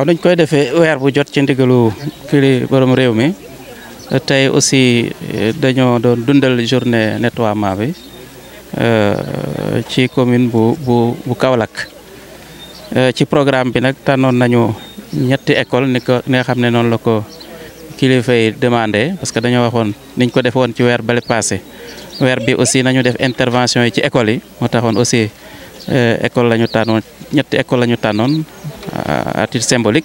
waaw dañ koy defee weer bu jot ci ndigalu kii li réew mi tey aussi eh, dañoo doon dundal journée nettoiement bi eh, ci commune bu bu bu Kaolack eh, ci programme bi nag tànnoon nañu ñetti école ni ko xam ne noonu la ko kilifa fay demandé parce que dañoo waxoon niñ ko defoon ci weer bale passé weer bi aussi nañu def intervention yi ci école yi moo taxoon aussi école la ñu tànnoon ñetti école la ñu tànnoon à euh, titre symbolique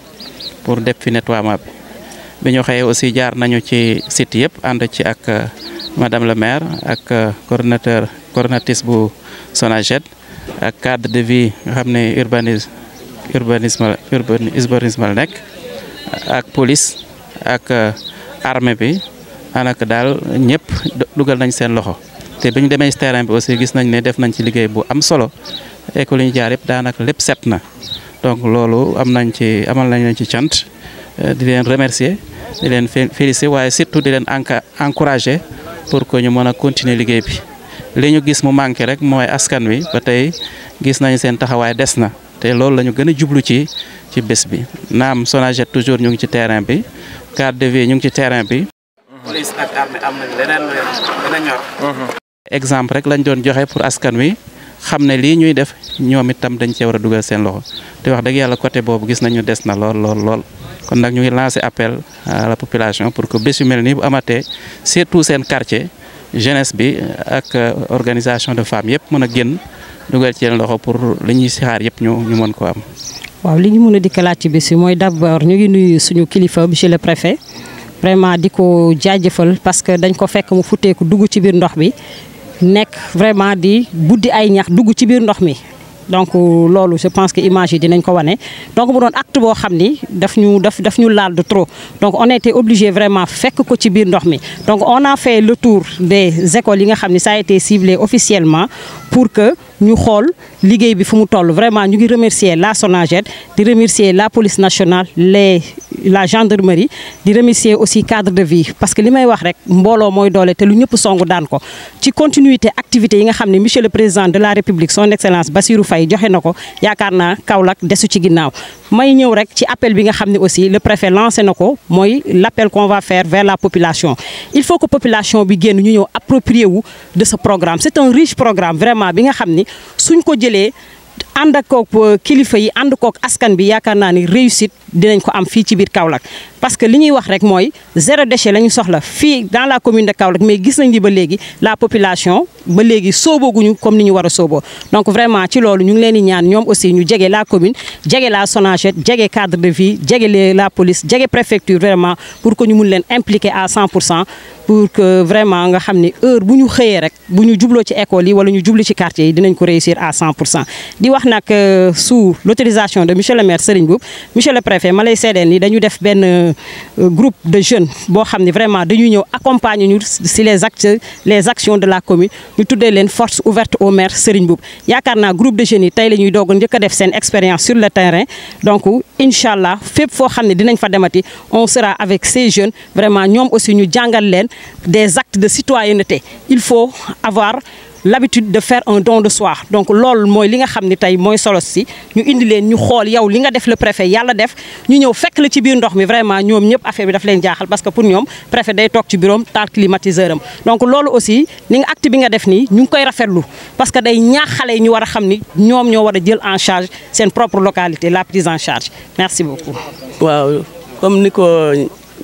pour def fi nettoiement bi bi ñu xëyee aussi jaar nañu ci site yëpp ànd ci ak euh, madame le maire ak euh, coordinateur coordinatrice bu sonajet, ak cadre de vie nga xam urbanisme urbanisme urbanisme la nekk ak police ak armée bi anaka daal ñëpp dugal nañ seen loxo te bi ñu terrain bi aussi gis nañ ne def nañ ci liggéey bu am solo école yi ñu jaar yëpp daanaka lépp set na donc loolu am nañ ci amal nañ leen ci cant euh, di leen remercier di leen féliciter waaye surtout di leen encourager pour que ñu mën a continuer liggéey bi li ñu gis mu manqué rek mooy askan wi ba tey gis nañ seen taxawaay des na te loolu lañu ñu gën a jublu ci ci bés bi naam Sonaged toujours ñu ngi ci terrain bi garde de vie ñu ngi ci terrain bi. police mhm. exemple rek lañ doon joxe pour askan wi. xam ne lii ñuy def ñoom itam dañ cee war a dugal seen loxo te wax dëgg yàlla côté boobu gis nañu des na lool lool lool. kon nag ñu ngi lancé appel la population pour que bés yu mel nii bu amatee surtout seen quartier jeunesse bi ak euh, organisation de femmes yëpp mën a génn dugal ci loxo pour li ñuy xaar yëpp ñu ñu mën ko am. waaw li ñu mën a dikkalaat ci bés yi mooy d'abord ñu ngi nuyu suñu kilifa monsieur le préfet. vraiment di ko jaajëfal parce que dañ ko fekk mu futteeku ci biir ndox bi nek vraiment di buddi ay ñax dugg ci biir ndox mi donc euh, lolu je pense que image yi dinañ ko wane donc bu doon acte bo xamni daf ñu daf daf ñu de trop donc on était obligé vraiment fekk ko ci biir ndox mi donc on a fait le tour des écoles yi nga xamni ça a été ciblé officiellement pour que ñu xool liggéey bi fu mu toll vraiment ñu ngi remercier la SONAGED di remercier la police nationale les la gendarmerie di remercier aussi cadre de vie parce que limay wax rek mbolo moy doole té lu ñëpp songu daan ko ci continuité activité yi nga xamné monsieur le président de la république son excellence Bassirou Faye joxé nako yakarna yaakaar Kaolack desu ci ginnaw may ñëw rek ci appel bi nga aussi le préfet lancé na ko qu'on va faire vers la population il faut que population bi génn ñu approprier de ce programme c'est un riche programme vraiment bien nga sous ni suñ ko ak euh, kilifa yi askan bi ni réussite de ko am fi ci parce que li wax rek zéro déchet la soxla dans la commune de Kaolack mais gis nañ ba la population ba sobo guñu comme niñu donc vraiment ci lolu ñu ngi leen ñaan aussi la commune la sonachette le cadre de vie la police la préfecture vraiment pour que ñu mën impliquer à 100 pour que vraiment nga xamni heure buñu xeyé rek buñu djublo ci école yi wala ñu ci quartier yi réussir à 100 Nous di wax euh, sous l'autorisation de Michel le maire Serigne Boub monsieur le préfet ma lay ni dañu def euh, groupe de jeunes qui xamni vraiment accompagner les actions de la commune ñu tuddee leen force ouverte au maire Il y a un groupe de jeunes qui nous a def une expérience sur le terrain donc Inch'Allah, dinañ fa on sera avec ces jeunes vraiment ñom aussi ñu jàngal leen des actes de citoyenneté il faut avoir l'habitude de faire un don de soi donc l'ol que li nga solos nous ñu indi que def le préfet Nous, def ñu que fekk la ci biir vraiment nous affaire bi parce que pour le préfet day tok ci donc l'ol aussi ni acte bi nga def ni, ñu koy parce que day nous avons ñu a nous, en charge une propre localité la prise en charge merci beaucoup. waaw comme niko,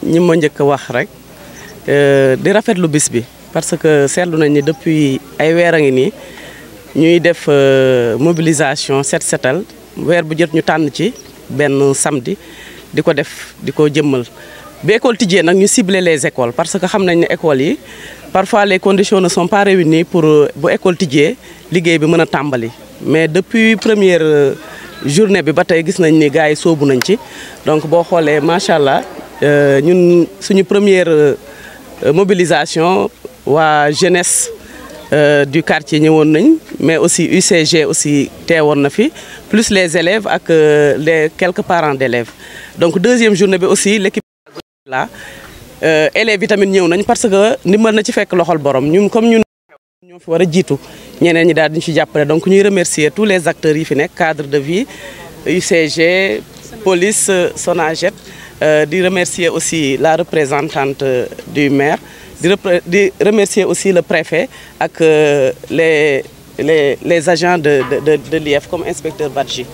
nous, nous euh, di rafetlu bis bi parce que seetlu nañ ni depuis ay weer a ngi nii ñuy def euh, mobilisation set setal weer bu jot ñu tànn ci benn samedi di ko def di ko jëmmal. bi école tijjee nag ñu cibler les écoles parce que xam nañ ne yi parfois les conditions ne sont pas réunies pour euh, bu école tijjee liggéey bi mën a tàmbali mais depuis première journée bi ba tey gis nañ ni gars yi soobu nañ ci donc boo xoolee macha allah ñun suñu première. Euh, mobilisation wa jeunesse euh, du quartier mais aussi UCG aussi fi plus les élèves et euh, les quelques parents d'élèves donc deuxième journée aussi l'équipe là élèves vitamines tamit parce que nous avons fait fekk loxol borom ñun comme ñun ñoo fi war ñeneen ñi donc ñuy remercier tous les acteurs yi cadre de vie UCG police Sonaget euh, de remercier aussi la représentante euh, du maire, de, remercier aussi le préfet avec euh, les, les, les agents de, de, l'IF comme inspecteur Badji.